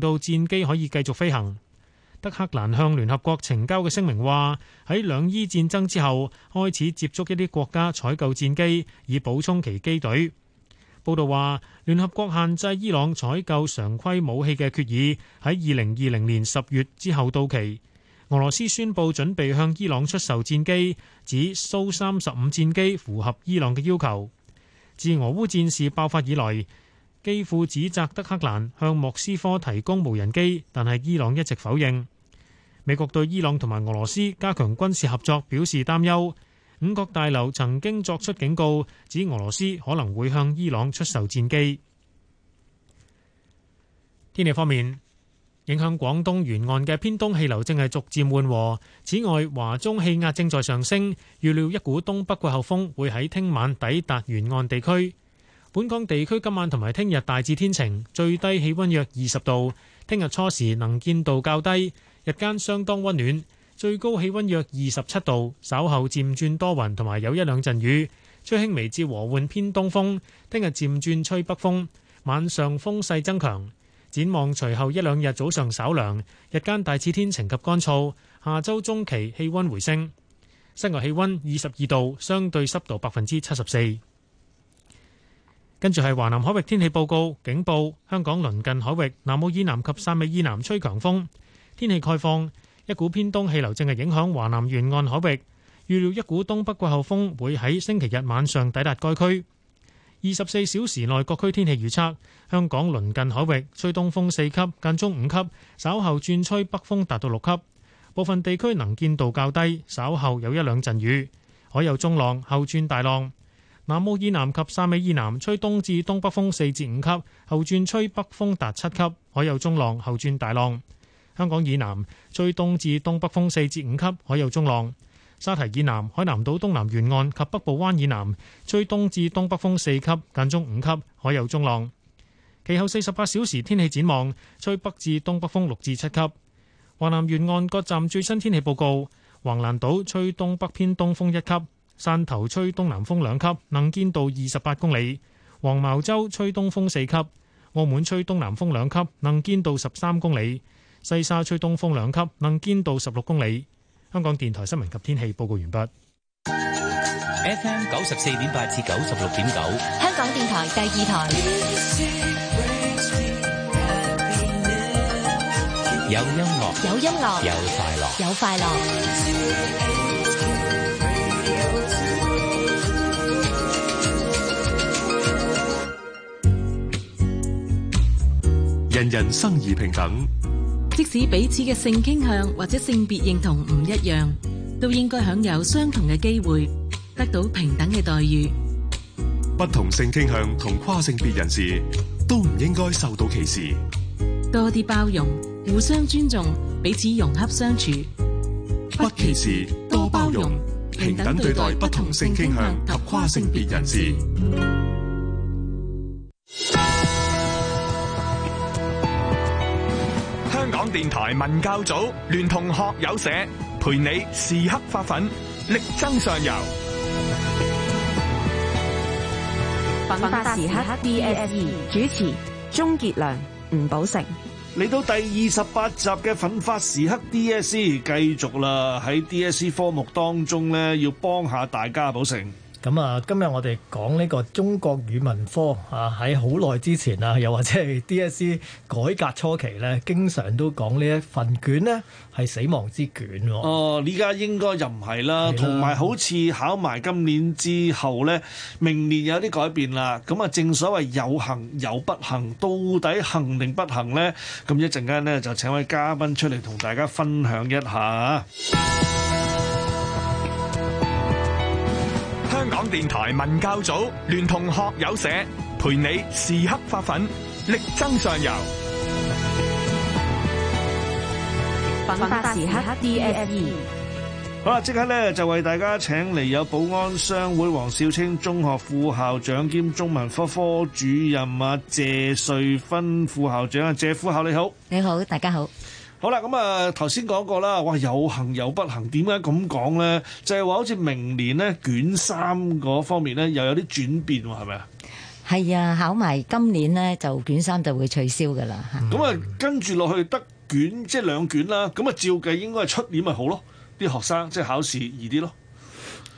到戰機可以繼續飛行。德黑蘭向聯合國呈交嘅聲明話，喺兩伊戰爭之後，開始接觸一啲國家採購戰機，以補充其機隊。報道話，聯合國限制伊朗採購常規武器嘅決議喺二零二零年十月之後到期。俄羅斯宣佈準備向伊朗出售戰機，指蘇三十五戰機符合伊朗嘅要求。自俄烏戰事爆發以來，基夫指責德黑蘭向莫斯科提供無人機，但係伊朗一直否認。美國對伊朗同埋俄羅斯加強軍事合作表示擔憂。五角大樓曾經作出警告，指俄羅斯可能會向伊朗出售戰機。天氣方面，影響廣東沿岸嘅偏東氣流正係逐漸緩和。此外，華中氣壓正在上升，預料一股東北季候風會喺聽晚抵達沿岸地區。本港地區今晚同埋聽日大致天晴，最低氣溫約二十度。聽日初時能見度較低，日間相當溫暖，最高氣溫約二十七度。稍後漸轉多雲同埋有一兩陣雨，吹輕微至和緩偏東風。聽日漸轉吹北風，晚上風勢增強。展望隨後一兩日早上稍涼，日間大致天晴及乾燥。下周中期氣溫回升，室外氣溫二十二度，相對濕度百分之七十四。跟住係華南海域天氣報告警報，香港鄰近海域南澳以南及汕尾以南吹強風，天氣概況一股偏東氣流正係影響華南沿岸海域，預料一股東北季候風會喺星期日晚上抵達該區。二十四小時內各區天氣預測，香港鄰近海域吹東風四級，間中五級，稍後轉吹北風達到六級，部分地區能見度較低，稍後有一兩陣雨，海有中浪，後轉大浪。南摩以南及沙尾以南吹東至東北風四至五級，後轉吹北風達七級，海有中浪；後轉大浪。香港以南吹東至東北風四至五級，海有中浪。沙提以南海南島東南沿岸及北部灣以南吹東至東北風四級，間中五級，海有中浪。其後四十八小時天氣展望吹北至東北風六至七級。華南沿岸各站最新天氣報告：橫欄島吹東北偏東風一級。汕頭吹東南風兩級，能見度二十八公里；黃茅洲吹東風四級；澳門吹東南風兩級，能見度十三公里；西沙吹東風兩級，能見度十六公里。香港電台新聞及天氣報告完畢。FM 九十四點八至九十六點九，香港電台第二台。有音樂，有音樂，有快樂，有快樂。人人生而平等，即使彼此嘅性傾向或者性別認同唔一樣，都應該享有相同嘅機會，得到平等嘅待遇。不同性傾向同跨性別人士都唔應該受到歧視。多啲包容，互相尊重，彼此融洽相處，不歧視，多包容。平等對待不同性傾向及跨性別人士。香港電台文教組聯同學友社，陪你時刻發奮，力爭上游。奮發時刻。嚟到第二十八集嘅奮發時刻 DSE 繼續啦，喺 DSE 科目當中呢，要幫下大家補成。咁啊，今日我哋講呢個中國語文科啊，喺好耐之前啊，又或者係 DSE 改革初期呢，經常都講呢一份卷呢係死亡之卷喎。哦，呢家應該就唔係啦，同埋的好似考埋今年之後呢，明年有啲改變啦。咁啊，正所謂有幸有不幸，到底幸定不幸呢？咁一陣間呢，就請位嘉賓出嚟同大家分享一下港電台文教組聯同學友社陪你時刻發奮，力爭上游。奮發時刻 D F E。好啦，即刻咧就為大家請嚟有保安商會黃少清寶安商會王少清中學副校長兼中文科科主任阿謝穗芬副校長啊，謝副校你好，你好，大家好。好啦，咁啊頭先講過啦，哇有幸有不幸，點解咁講咧？就係、是、話好似明年咧卷三嗰方面咧又有啲轉變喎，係咪啊？係啊，考埋今年咧就卷三就會取消噶啦。咁啊、嗯嗯、跟住落去得卷即係兩卷啦。咁啊照計應該係出年咪好咯，啲學生即係考試易啲咯。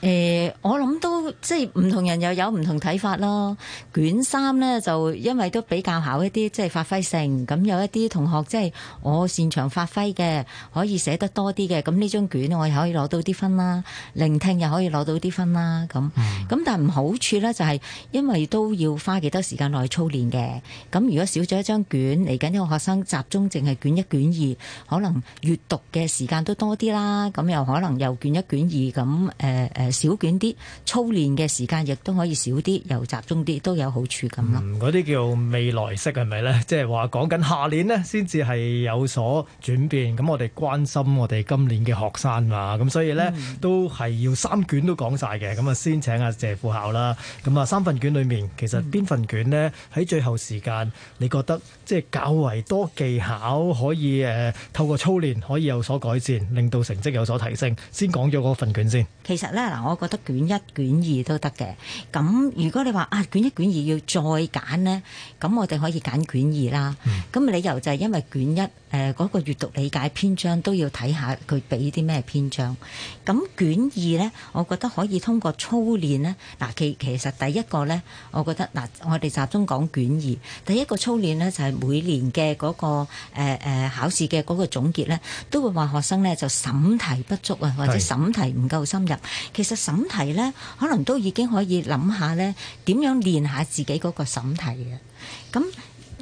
誒、欸，我諗都即係唔同人又有唔同睇法咯。卷三呢，就因為都比較考一啲即係發揮性，咁有一啲同學即係我擅長發揮嘅，可以寫得多啲嘅，咁呢張卷我又可以攞到啲分啦。聆聽又可以攞到啲分啦。咁咁、嗯、但係唔好處呢，就係因為都要花幾多時間來操練嘅。咁如果少咗一張卷，嚟緊呢個學生集中淨係卷一卷二，可能閱讀嘅時間都多啲啦。咁又可能又卷一卷二咁誒誒。呃呃呃呃呃少卷啲操練嘅時間亦都可以少啲，又集中啲，都有好處咁咯。嗰啲、嗯、叫未來式係咪呢？即係話講緊下年咧，先至係有所轉變。咁我哋關心我哋今年嘅學生嘛，咁所以呢，嗯、都係要三卷都講晒嘅。咁啊，先請阿、啊、謝副校啦。咁啊，三份卷裏面，其實邊份卷呢？喺、嗯、最後時間，你覺得即係較為多技巧，可以誒、呃、透過操練可以有所改善，令到成績有所提升，先講咗嗰份卷先。其實呢。我覺得卷一卷二都得嘅，咁如果你話啊卷一卷二要再揀呢？咁我哋可以揀卷二啦。咁、嗯、理由就係因為卷一。誒嗰個閱讀理解篇章都要睇下佢俾啲咩篇章，咁卷二呢，我覺得可以通過操練呢。嗱，其其實第一個呢，我覺得嗱，我哋集中講卷二，第一個操練呢，就係每年嘅嗰個誒誒考試嘅嗰個總結呢，都會話學生呢就審題不足啊，或者審題唔夠深入。是其實審題呢，可能都已經可以諗下呢點樣練下自己嗰個審題嘅。咁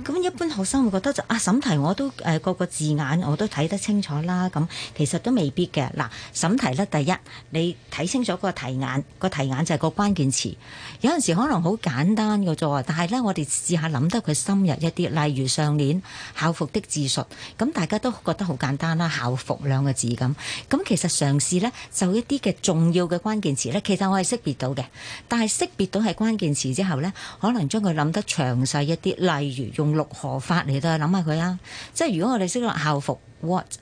咁一般學生會覺得就啊，審題我都誒、呃、個個字眼我都睇得清楚啦咁，其實都未必嘅。嗱審題咧，第一你睇清楚個題眼，個題眼就係個關鍵詞。有陣時可能好簡單嘅啫喎，但係咧我哋試下諗得佢深入一啲。例如上年校服的自述，咁大家都覺得好簡單啦，校服兩個字咁。咁其實嘗試咧就一啲嘅重要嘅關鍵詞咧，其實我係識別到嘅。但係識別到係關鍵詞之後咧，可能將佢諗得詳細一啲。例如用。六何法嚟到諗下佢啊！即係如果我哋識得校服 what 誒、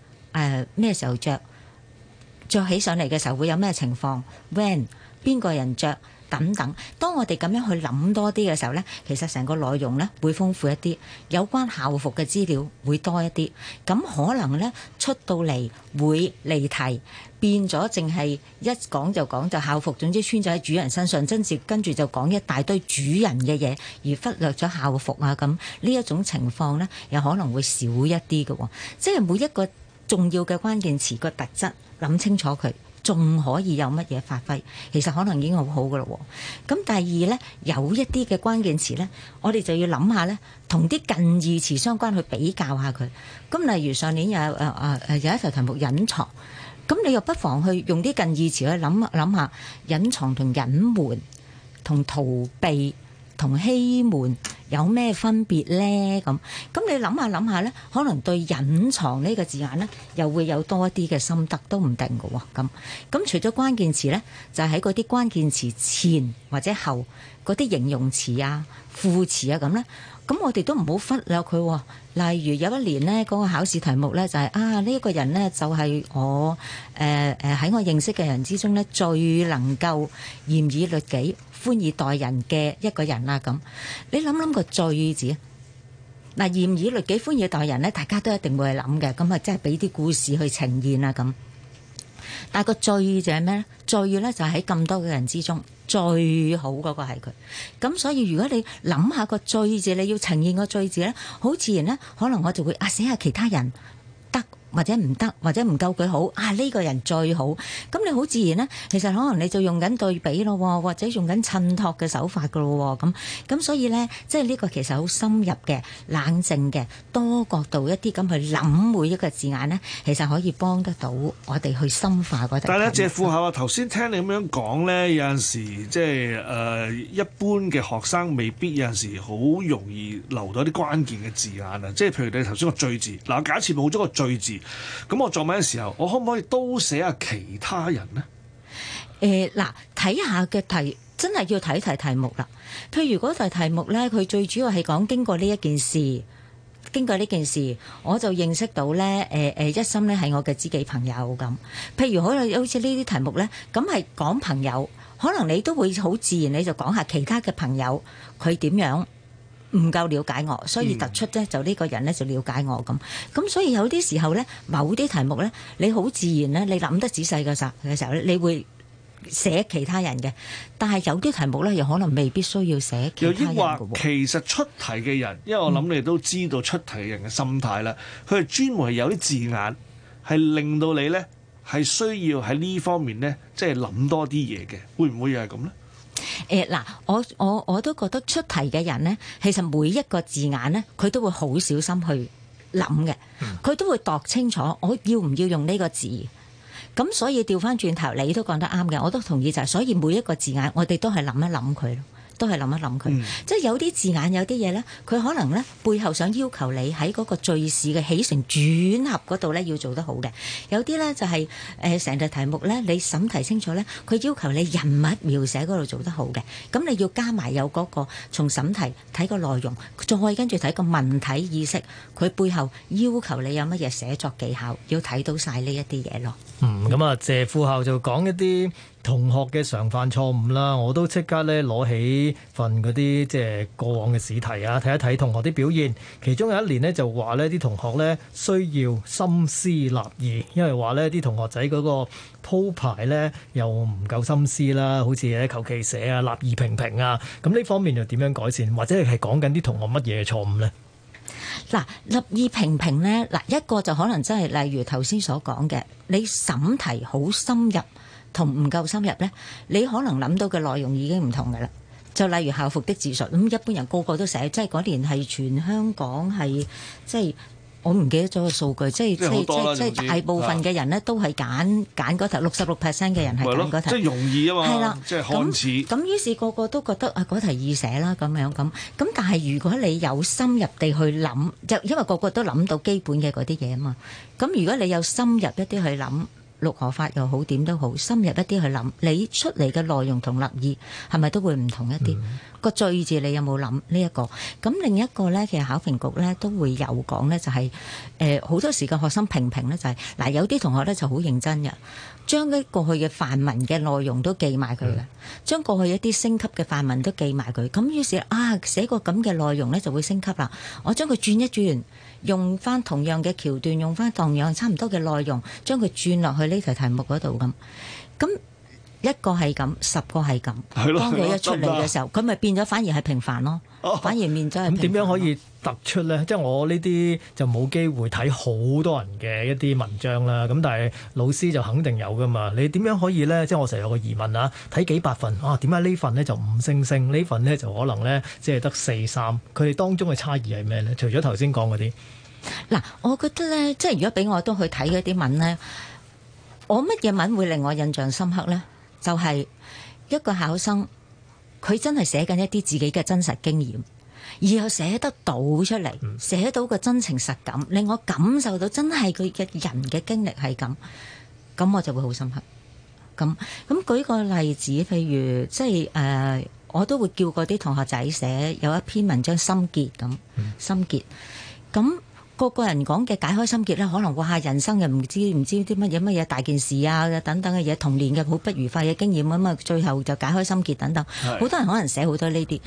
uh，咩時候着，着起上嚟嘅時候會有咩情況？When 邊個人着？等等，當我哋咁樣去諗多啲嘅時候呢，其實成個內容呢會豐富一啲，有關校服嘅資料會多一啲。咁可能呢，出到嚟會離題，變咗淨係一講就講就校服，總之穿咗喺主人身上，跟住跟住就講一大堆主人嘅嘢，而忽略咗校服啊，咁呢一種情況呢，有可能會少一啲嘅喎。即係每一個重要嘅關鍵詞個特質，諗清楚佢。仲可以有乜嘢發揮？其實可能已經好好嘅咯。咁第二呢，有一啲嘅關鍵詞呢，我哋就要諗下呢，同啲近義詞相關去比較下佢。咁例如上年有誒誒有一條題目隱藏，咁你又不妨去用啲近義詞去諗諗下隱藏同隱瞞、同逃避、同欺瞞。有咩分別呢？咁咁你諗下諗下呢，可能對隱藏呢個字眼呢，又會有多一啲嘅心得都唔定㗎喎。咁咁除咗關鍵詞呢，就喺嗰啲關鍵詞前或者後嗰啲形容詞啊、副詞啊咁呢。咁我哋都唔好忽略佢喎，例如有一年呢嗰個考試題目呢，就係啊呢一個人呢，就係我誒誒喺我認識嘅人之中呢，最能夠嚴以律己、寬以待人嘅一個人啦。咁你諗諗個最字啊，嗱嚴以律己、寬以待人呢，大家都一定會諗嘅。咁啊，即係俾啲故事去呈現啊咁。但係個最就係咩咧？最咧就係喺咁多嘅人之中，最好個係佢。咁所以如果你諗下個最字，你要呈現個最字咧，好自然咧，可能我就會壓死、啊、下其他人得。或者唔得，或者唔夠佢好啊！呢、這個人最好，咁、嗯、你好自然咧。其實可能你就用緊對比咯，或者用緊襯托嘅手法噶咯咁。咁、嗯嗯、所以呢，即係呢個其實好深入嘅、冷靜嘅、多角度一啲咁去諗每一個字眼呢，其實可以幫得到我哋去深化嗰啲。但係呢，謝副校啊，頭先聽你咁樣講呢，有陣時即係誒一般嘅學生未必有陣時好容易留到啲關鍵嘅字眼啊！即係譬如你頭先個「最」字，嗱假設冇咗個「最」字。咁我作文嘅時候，我可唔可以都寫下其他人呢？誒、呃，嗱，睇下嘅題真係要睇題題目啦。譬如嗰題題目呢，佢最主要係講經過呢一件事，經過呢件事，我就認識到呢，誒、呃、誒，一心呢係我嘅知己朋友咁。譬如可能好似呢啲題目呢，咁係講朋友，可能你都會好自然，你就講下其他嘅朋友佢點樣。唔夠了解我，所以突出咧就呢個人咧就了解我咁。咁所以有啲時候咧，某啲題目咧，你好自然咧，你諗得仔細嘅時候，嘅時候咧，你會寫其他人嘅。但係有啲題目咧，又可能未必需要寫其他人嘅。又話其實出題嘅人，因為我諗你都知道出題嘅人嘅心態啦，佢係、嗯、專門係有啲字眼係令到你咧係需要喺呢方面咧即係諗多啲嘢嘅，會唔會又係咁咧？誒，嗱，我我我都覺得出題嘅人咧，其實每一個字眼咧，佢都會好小心去諗嘅，佢都會度清楚我要唔要用呢個字，咁所以調翻轉頭，你都講得啱嘅，我都同意就係，所以每一個字眼，我哋都係諗一諗佢咯。都係諗一諗佢，嗯、即係有啲字眼，有啲嘢呢，佢可能呢，背後想要求你喺嗰個敘事嘅起承轉合嗰度呢，要做得好嘅。有啲呢、就係，就係誒成個題目呢，你審題清楚呢，佢要求你人物描寫嗰度做得好嘅。咁你要加埋有嗰、嗰個從審題睇個內容，再跟住睇個文體意識，佢背後要求你有乜嘢寫作技巧，要睇到晒呢一啲嘢咯。嗯，咁啊，謝副校就講一啲。同學嘅常犯錯誤啦，我都即刻咧攞起份嗰啲即係過往嘅試題啊，睇一睇同學啲表現。其中有一年呢，就話呢啲同學呢，需要心思立意，因為話呢啲同學仔嗰個鋪排呢又唔夠心思啦，好似求其寫啊，立意平平啊。咁呢方面又點樣改善？或者係講緊啲同學乜嘢錯誤呢？嗱，立意平平呢，嗱，一個就可能真係例如頭先所講嘅，你審題好深入。同唔夠深入呢，你可能諗到嘅內容已經唔同嘅啦。就例如校服的自述，咁一般人個個都寫，即係嗰年係全香港係即係我唔記得咗個數據，即係即係大部分嘅人呢都係揀揀嗰題，六十六 percent 嘅人係揀嗰題，即係、就是、容易啊嘛，係啦，即係好似。咁於是個個都覺得啊嗰題易寫啦，咁樣咁。咁但係如果你有深入地去諗，就因為個個都諗到基本嘅嗰啲嘢啊嘛。咁如果你有深入一啲去諗，六何法又好，點都好，深入一啲去諗，你出嚟嘅內容同立意係咪都會唔同一啲？嗯、一個最字你有冇諗呢一個？咁另一個呢，其實考評局呢都會有講呢、就是，就係誒好多時個學生評評呢，就係嗱有啲同學呢就好認真嘅，將啲過去嘅範文嘅內容都記埋佢嘅，將過去，嗯、將過去一啲升級嘅範文都記埋佢，咁於是啊寫個咁嘅內容呢就會升級啦。我將佢轉一轉。用翻同樣嘅橋段，用翻同樣差唔多嘅內容，將佢轉落去呢條題目嗰度咁。咁。一個係咁，十個係咁。了當佢一出嚟嘅時候，佢咪吧變咗反而係平凡咯。反而變咗係平凡。oh，點樣可以突出呢？即係我呢啲就冇機會睇好多人嘅一啲文章啦。咁但係老師就肯定有噶嘛？你點樣可以呢？即係我成日有個疑問啊！睇幾百份啊？點解呢份呢就五星星？呢份呢就可能呢，即係得四三？佢哋當中嘅差異係咩呢？除咗頭先講嗰啲，嗱，我覺得呢，即係如果俾我都去睇嗰啲文呢，的我乜嘢文會令我印象深刻呢？就係一個考生，佢真係寫緊一啲自己嘅真實經驗，而又寫得到出嚟，寫到個真情實感，令我感受到真係佢嘅人嘅經歷係咁，咁我就會好深刻。咁咁舉個例子，譬如即係誒、呃，我都會叫嗰啲同學仔寫有一篇文章心結咁，心結咁。個個人講嘅解開心結咧，可能話下人生又唔知唔知啲乜嘢乜嘢大件事啊等等嘅嘢，童年嘅好不愉快嘅經驗咁啊，最後就解開心結等等。好是多人可能寫好多呢啲，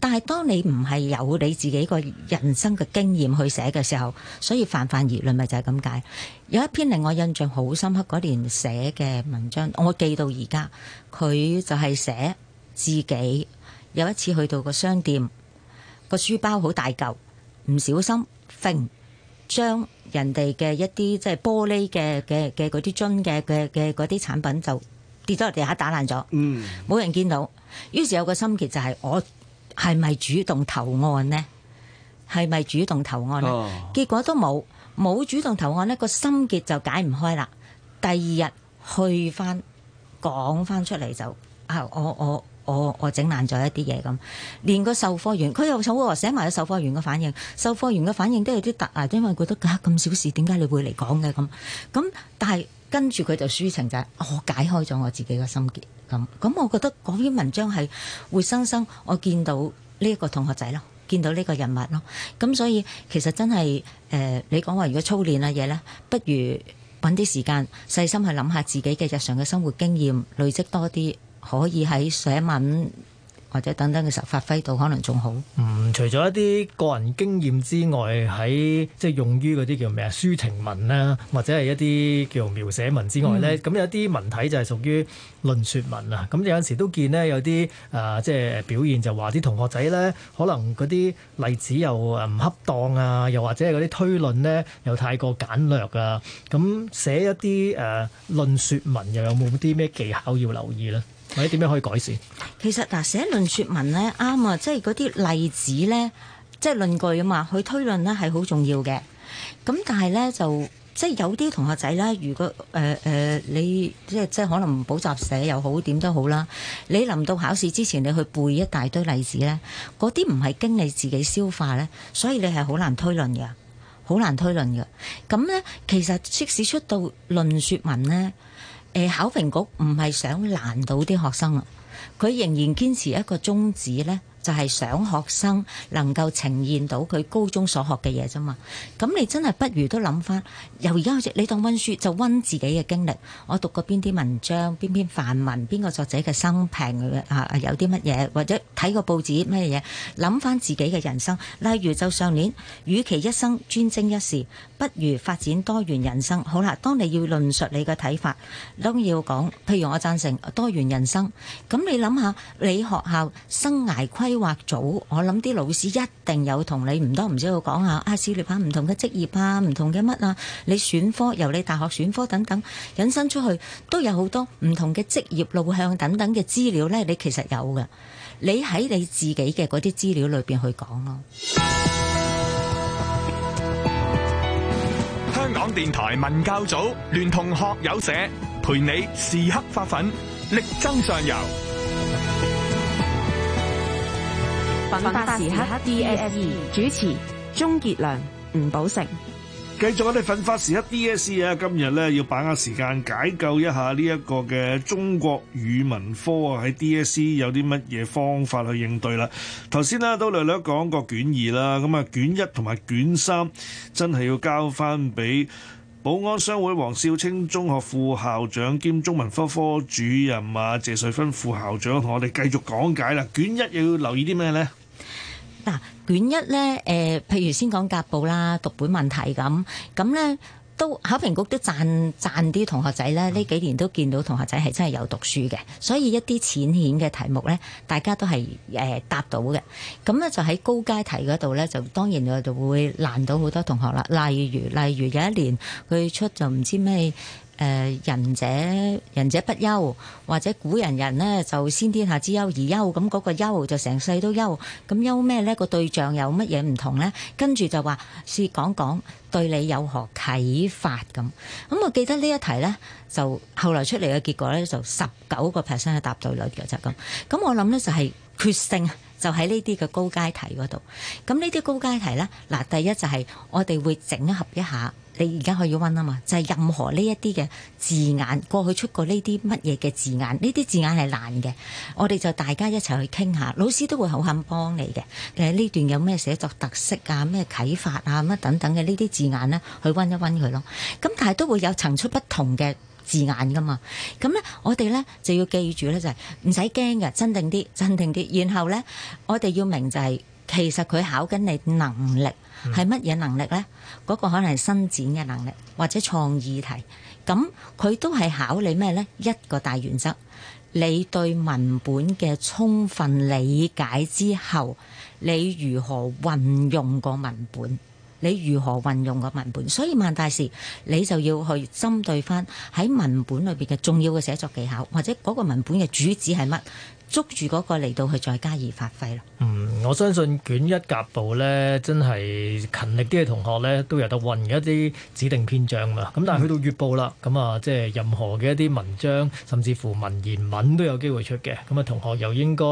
但係當你唔係由你自己個人生嘅經驗去寫嘅時候，所以泛泛而論咪就係咁解。有一篇令我印象好深刻嗰年寫嘅文章，我記到而家，佢就係寫自己有一次去到個商店，個書包好大嚿，唔小心將人哋嘅一啲即係玻璃嘅嘅嘅嗰啲樽嘅嘅嘅嗰啲產品就跌咗落地下打爛咗，嗯，冇人見到。於是有個心結就係、是、我係咪主動投案呢？係咪主動投案呢？Oh. 結果都冇冇主動投案呢，個心結就解唔開啦。第二日去翻講翻出嚟就，啊，我我。我我整爛咗一啲嘢咁，連個售貨員佢又就寫埋個售貨員嘅反應，售貨員嘅反應都有啲突啊，因為覺得咁小事點解你會嚟講嘅咁咁？但係跟住佢就抒情就係、是、我解開咗我自己嘅心結咁。咁我覺得嗰篇文章係活生生我見到呢一個同學仔咯，見到呢個人物咯。咁所以其實真係誒、呃，你講話如果操練啊嘢呢，不如揾啲時間細心去諗下自己嘅日常嘅生活經驗，累積多啲。可以喺寫文或者等等嘅時候發揮到，可能仲好。嗯，除咗一啲個人經驗之外，喺即係用於嗰啲叫咩啊抒情文咧，或者係一啲叫描寫文之外咧，咁，嗯，有啲文體就係屬於論説文啊。咁有陣時都見呢，有啲誒，即係表現就話啲同學仔咧，可能嗰啲例子又誒唔恰當啊，又或者係嗰啲推論咧又太過簡略啊。咁寫一啲誒論説文又有冇啲咩技巧要留意咧？或者點樣可以改善？其實嗱，寫論説文咧啱啊，即係嗰啲例子咧，即係論據啊嘛，去推論咧係好重要嘅。咁但係咧就即係有啲同學仔咧，如果誒誒、呃呃、你即係即係可能補習社又好點都好啦，你臨到考試之前你去背一大堆例子咧，嗰啲唔係經你自己消化咧，所以你係好難推論嘅，好難推論嘅。咁咧其實即使出到論説文咧。誒考評局唔係想難倒啲學生啊，佢仍然堅持一個宗旨，呢就係想學生能夠呈現到佢高中所學嘅嘢啫嘛。咁你真係不如都諗翻。由而家開始，你當温書就温自己嘅經歷。我讀過邊啲文章、邊篇範文、邊個作者嘅生平啊，有啲乜嘢，或者睇個報紙乜嘢，諗翻自己嘅人生。例如就上年，與其一生專精一事，不如發展多元人生。好啦，當你要論述你嘅睇法，當然要講。譬如我贊成多元人生，咁你諗下，你學校生涯規劃組，我諗啲老師一定有同你唔多唔少講下啊，試列下唔同嘅職業啊，唔同嘅乜啊。你選科由你大學選科等等引申出去，都有好多唔同嘅職業路向等等嘅資料呢，你其實有嘅，你喺你自己嘅嗰啲資料裏邊去講咯。香港電台文教組聯同學友社陪你時刻發奮，力爭上游。奮發時刻 DSE 主持：鍾傑良、吳寶成。繼續我哋奮發時刻 D.S.C 啊，DS C, 今日咧要把握時間解救一下呢一個嘅中國語文科啊，喺 D.S.C 有啲乜嘢方法去應對啦。頭先咧都略略講過卷二啦，咁啊卷一同埋卷三真係要交翻俾寶安商會王少清中學副校長兼中文科科主任啊，謝穗芬副校長同我哋繼續講解啦。卷一又要留意啲咩呢？卷一呢，誒，譬如先講甲部啦，讀本問題咁，咁呢都考評局都讚讚啲同學仔呢。呢、嗯、幾年都見到同學仔係真係有讀書嘅，所以一啲淺顯嘅題目呢，大家都係誒、呃、答到嘅。咁呢就喺高階題嗰度呢，就當然我就會難倒好多同學啦。例如例如有一年佢出就唔知咩。誒仁、呃、者仁者不憂，或者古人人呢就先天下之憂而憂，咁、那、嗰個憂就成世都憂，咁憂咩呢？個對象有乜嘢唔同呢？跟住就話，試講講對你有何啟發咁。咁我記得呢一題呢，就後來出嚟嘅結果呢，就十九個 percent 嘅答對率嘅就咁、是。咁我諗呢，就係、是、決勝就，就喺呢啲嘅高階題嗰度。咁呢啲高階題呢，嗱第一就係我哋會整合一下。你而家可以温啊嘛，就係、是、任何呢一啲嘅字眼，過去出過呢啲乜嘢嘅字眼，呢啲字眼係難嘅。我哋就大家一齊去傾下，老師都會好肯幫你嘅。誒、啊，呢段有咩寫作特色啊？咩啟發啊？乜等等嘅呢啲字眼呢，去温一温佢咯。咁但係都會有層出不窮嘅字眼噶嘛。咁呢，我哋呢就要記住呢，就係唔使驚嘅，鎮定啲，鎮定啲。然後呢，我哋要明就係、是。其實佢考緊你能力係乜嘢能力呢？嗰個可能係伸展嘅能力，或者創意題。咁佢都係考你咩呢？一個大原則，你對文本嘅充分理解之後，你如何運用個文本？你如何運用個文本？所以萬大事，你就要去針對翻喺文本裏邊嘅重要嘅寫作技巧，或者嗰個文本嘅主旨係乜？捉住嗰個嚟到去再加以發揮啦。嗯，我相信卷一甲部呢，真係勤力啲嘅同學呢，都有得溫一啲指定篇章嘛。咁但係去到乙部啦，咁啊、嗯，即係任何嘅一啲文章，甚至乎文言文都有機會出嘅。咁啊，同學又應該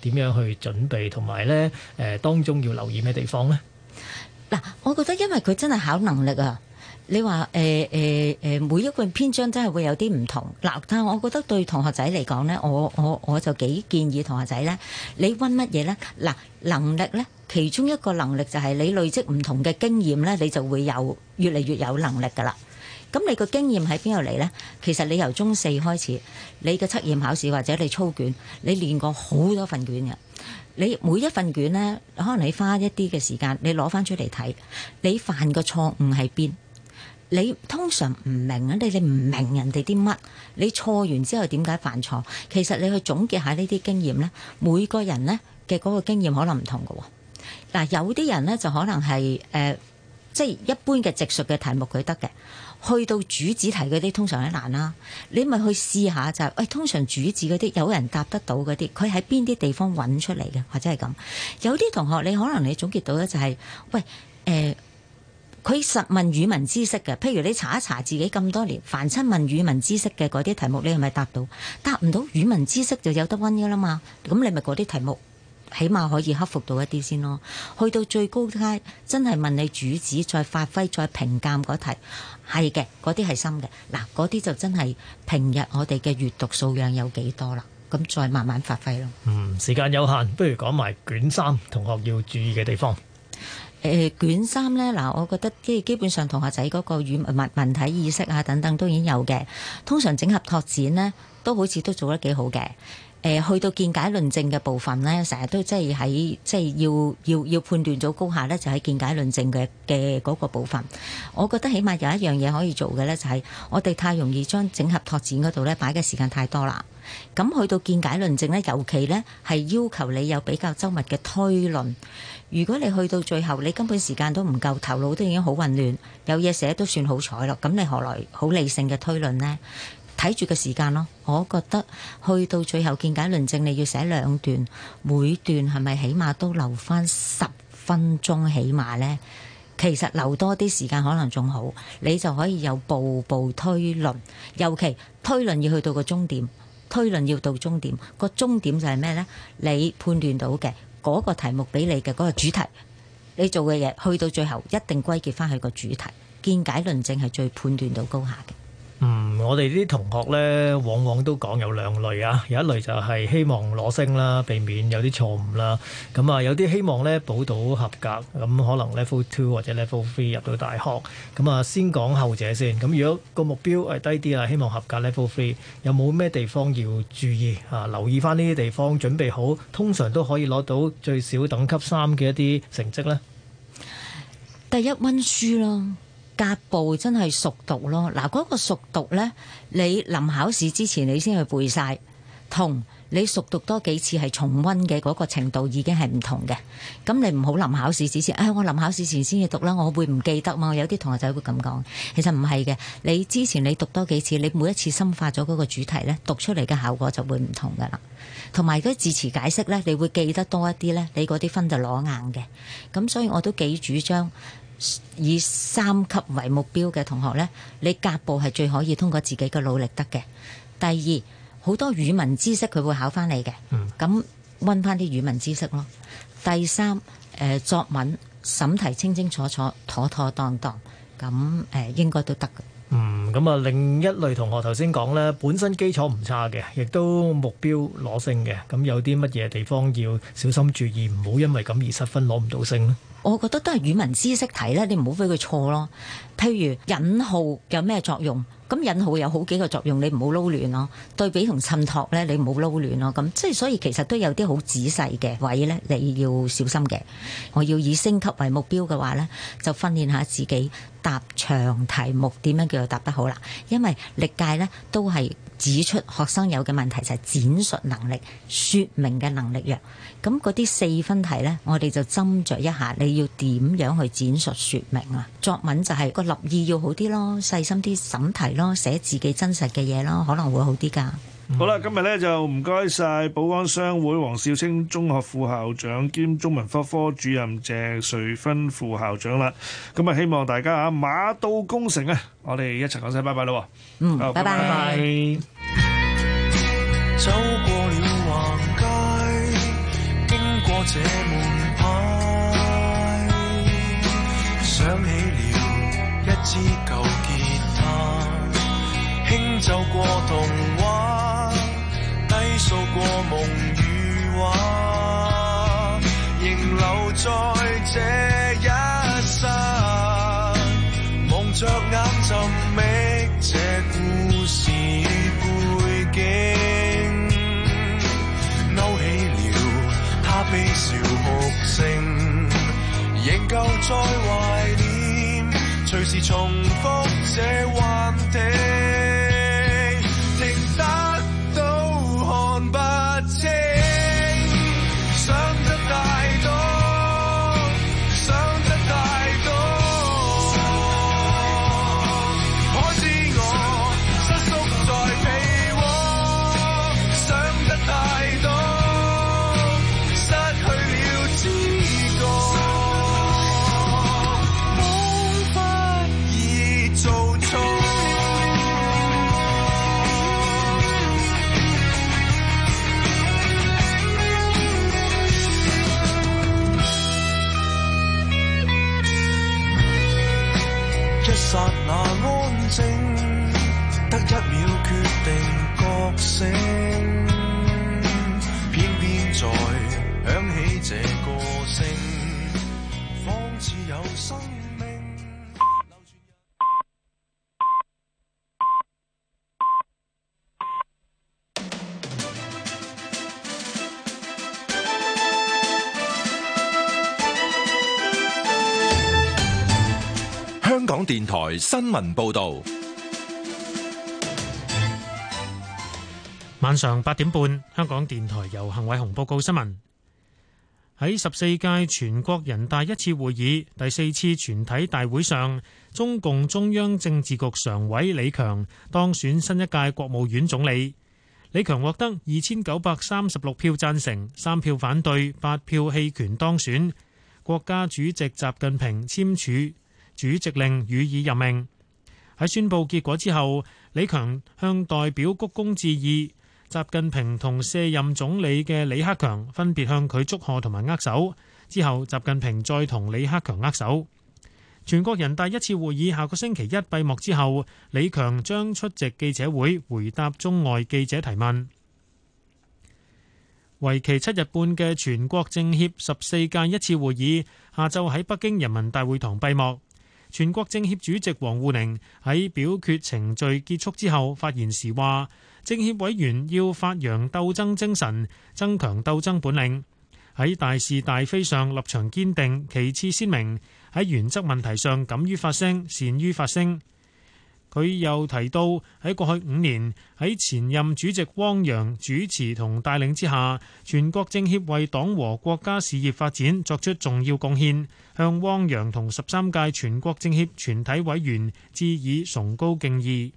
點樣去準備同埋呢，誒，當中要留意咩地方呢？嗱，我覺得因為佢真係考能力啊。你話誒誒誒，每一個篇，篇章真係會有啲唔同嗱。但係我覺得對同學仔嚟講咧，我我我就幾建議同學仔咧，你溫乜嘢咧嗱？能力咧，其中一個能力就係你累積唔同嘅經驗咧，你就會有越嚟越有能力㗎喇。咁你個經驗喺邊度嚟咧？其實你由中四開始，你嘅測驗考試或者你操卷，你練過好多份卷嘅。你每一份卷咧，可能你花一啲嘅時間，你攞翻出嚟睇，你犯個錯誤喺邊？你通常唔明啊？你你唔明人哋啲乜？你錯完之後點解犯錯？其實你去總結下呢啲經驗呢，每個人呢嘅嗰個經驗可能唔同嘅。嗱，有啲人呢，就可能係誒，即、呃、係、就係、一般嘅直述嘅題目佢得嘅，去到主旨題嗰啲通常都難啦、啊。你咪去試下就係、係，喂、哎，通常主旨嗰啲有人答得到嗰啲，佢喺邊啲地方揾出嚟嘅，或者係咁。有啲同學你可能你總結到呢，就係、係，喂，誒、呃。佢實問語文知識嘅，譬如你查一查自己咁多年，凡親問語文知識嘅嗰啲題目，你係咪答到？答唔到語文知識就有得溫㗎啦嘛。咁你咪嗰啲題目，起碼可以克服到一啲先咯。去到最高階，真係問你主旨、再發揮、再評鑑嗰題，係嘅，嗰啲係深嘅。嗱，嗰啲就真係平日我哋嘅閱讀素養有幾多啦？咁再慢慢發揮咯。嗯，時間有限，不如講埋卷三，同學要注意嘅地方。誒、呃、卷三咧，嗱，我覺得基基本上同學仔嗰個語文文體意識啊等等都已經有嘅，通常整合拓展咧都好似都做得幾好嘅。誒去到見解論證嘅部分咧，成日都即係喺即係要要要判斷咗高下咧，就喺見解論證嘅嘅嗰個部分。我覺得起碼有一樣嘢可以做嘅咧，就係我哋太容易將整合拓展嗰度咧擺嘅時間太多啦。咁去到見解論證咧，尤其咧係要求你有比較周密嘅推論。如果你去到最後，你根本時間都唔夠，頭腦都已經好混亂，有嘢寫都算好彩咯。咁你何來好理性嘅推論呢？睇住個時間咯，我覺得去到最後見解論證，你要寫兩段，每段係咪起碼都留翻十分鐘起碼呢？其實留多啲時間可能仲好，你就可以有步步推論。尤其推論要去到個終點，推論要到終點，個終點就係咩呢？你判斷到嘅嗰個題目俾你嘅嗰個主題，你做嘅嘢去到最後一定歸結翻去個主題。見解論證係最判斷到高下嘅。嗯，我哋啲同學呢，往往都講有兩類啊，有一類就係希望攞星啦，避免有啲錯誤啦。咁、嗯、啊，有啲希望呢補到合格，咁、嗯、可能 level two 或者 level three 入到大學。咁、嗯、啊，先講後者先。咁、嗯、如果個目標係低啲啊，希望合格 level three，有冇咩地方要注意啊？留意返呢啲地方，準備好，通常都可以攞到最少等級三嘅一啲成績呢。第一，溫書咯。甲部真係熟讀咯，嗱嗰個熟讀呢，你臨考試之前你先去背晒，同你熟讀多幾次係重溫嘅嗰個程度已經係唔同嘅。咁你唔好臨考試之前，唉，我臨考試前先要讀啦，我會唔記得嘛？有啲同學仔會咁講，其實唔係嘅，你之前你讀多幾次，你每一次深化咗嗰個主題呢，讀出嚟嘅效果就會唔同噶啦。同埋嗰啲字詞解釋呢，你會記得多一啲呢，你嗰啲分就攞硬嘅。咁所以我都幾主張。以三級為目標嘅同學呢，你夾步係最可以通過自己嘅努力得嘅。第二，好多語文知識佢會考翻你嘅，咁溫翻啲語文知識咯。第三，誒、呃，作文審題清清楚楚、妥妥當當，當，咁誒、呃，應該都得。咁啊，另一類同學頭先講咧，本身基礎唔差嘅，亦都目標攞星嘅。咁有啲乜嘢地方要小心注意，唔好因為咁而失分，攞唔到星咧。我覺得都係語文知識題咧，你唔好俾佢錯咯。譬如引號有咩作用？咁引號有好幾個作用，你唔好撈亂咯。對比同襯托咧，你唔好撈亂咯。咁即係所以其實都有啲好仔細嘅位咧，你要小心嘅。我要以升級為目標嘅話咧，就訓練下自己。答長題目點樣叫做答得好啦？因為歷屆咧都係指出學生有嘅問題就係、是、展述能力、說明嘅能力弱。咁嗰啲四分題呢，我哋就斟酌一下，你要點樣去展述說明啊？作文就係個立意要好啲咯，細心啲審題咯，寫自己真實嘅嘢咯，可能會好啲噶。嗯、好啦，今日咧就唔該晒寶安商會王少清中學副校長兼中文科科主任謝穗芬副校長啦。咁啊，希望大家啊馬到功成啊！我哋一齊講聲拜拜咯。嗯，好，拜拜。Bye. 拜拜。走過了橫街，經過這門牌，想起了一次。又再懷念，隨時重複這幻境。香港電台新聞報道，晚上八點半，香港電台由幸偉雄報告新聞。喺十四屆全國人大一次會議第四次全體大會上，中共中央政治局常委李強當選新一屆國務院總理。李強獲得二千九百三十六票贊成，三票反對，八票棄權當選。國家主席習近平簽署。主席令予以任命。喺宣佈結果之後，李強向代表鞠躬致意。習近平同卸任總理嘅李克強分別向佢祝賀同埋握手。之後習近平再同李克強握手。全國人大一次會議下個星期一閉幕之後，李強將出席記者會回答中外記者提問。為期七日半嘅全國政協十四屆一次會議下晝喺北京人民大會堂閉幕。全國政協主席王滬寧喺表決程序結束之後發言時話：政協委員要發揚鬥爭精神，增強鬥爭本領，喺「大是大非」上立場堅定，旗幟鮮明，喺原則問題上敢於發聲，善於發聲。佢又提到，喺過去五年喺前任主席汪洋主持同帶領之下，全國政協為黨和國家事業發展作出重要貢獻，向汪洋同十三屆全國政協全體委員致以崇高敬意。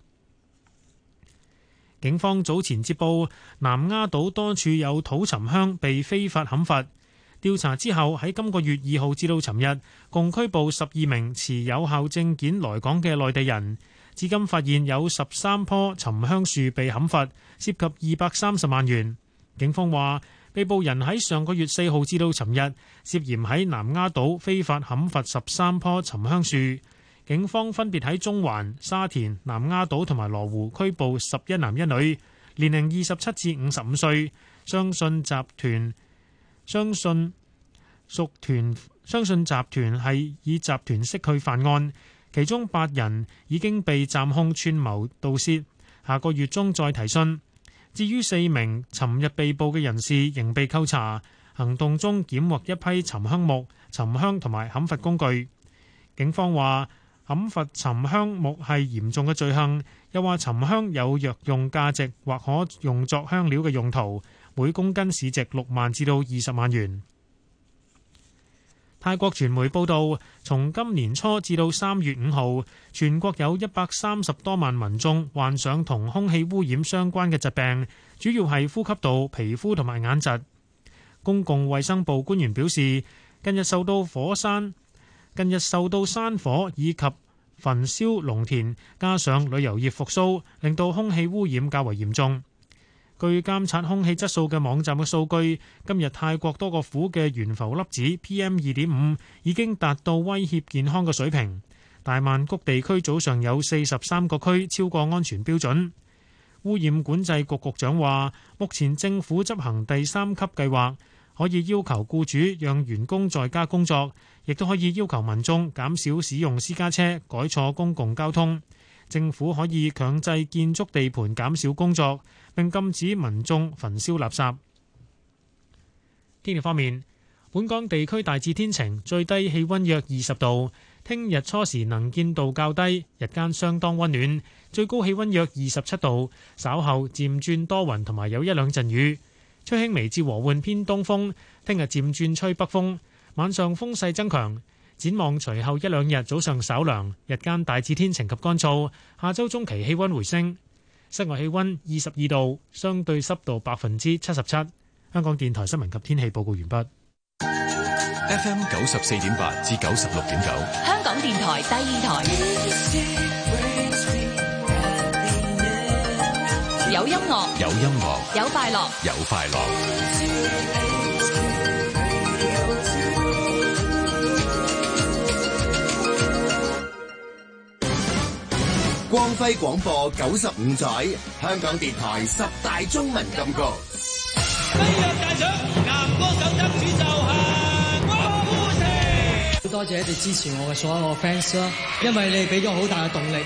警方早前接報，南丫島多處有土沉香被非法砍伐，調查之後喺今個月二號至到尋日，共拘捕十二名持有效證件來港嘅內地人。至今發現有十三棵沉香樹被砍伐，涉及二百三十萬元。警方話，被捕人喺上個月四號至到尋日涉嫌喺南丫島非法砍伐十三棵沉香樹。警方分別喺中環、沙田、南丫島同埋羅湖拘捕十一男一女，年齡二十七至五十五歲。相信集團相信屬團相信集團係以集團式去犯案。其中八人已經被暫控串謀盜竊，下個月中再提訊。至於四名尋日被捕嘅人士，仍被扣查。行動中檢獲一批沉香木、沉香同埋砍伐工具。警方話砍伐沉香木係嚴重嘅罪行，又話沉香有藥用價值或可用作香料嘅用途，每公斤市值六萬至到二十萬元。泰國傳媒報道，從今年初至到三月五號，全國有一百三十多萬民眾患上同空氣污染相關嘅疾病，主要係呼吸道、皮膚同埋眼疾。公共衛生部官員表示，近日受到火山、近日受到山火以及焚燒農田，加上旅遊業復甦，令到空氣污染較為嚴重。據監測空氣質素嘅網站嘅數據，今日泰國多個府嘅懸浮粒子 （PM 二點五）已經達到威脅健康嘅水平。大曼谷地區早上有四十三個區超過安全標準。污染管制局局長話，目前政府執行第三級計劃，可以要求僱主讓員工在家工作，亦都可以要求民眾減少使用私家車，改坐公共交通。政府可以強制建築地盤減少工作。並禁止民眾焚燒垃圾。天氣方面，本港地區大致天晴，最低氣温約二十度。聽日初時能見度較低，日間相當温暖，最高氣温約二十七度。稍後漸轉多雲同埋有一兩陣雨，吹輕微至和緩偏東風。聽日漸轉吹北風，晚上風勢增強。展望隨後一兩日早上稍涼，日間大致天晴及乾燥。下周中期氣温回升。室外氣溫二十二度，相對濕度百分之七十七。香港電台新聞及天氣報告完畢。FM 九十四點八至九十六點九，香港電台第二台，有音樂，有音樂，有快樂，有快樂。光輝廣播九十五載，香港電台十大中文金曲，飛躍大獎，男歌手得主就係我， 多謝一直支持我嘅所有 fans 啦，因為你哋俾咗好大嘅動力。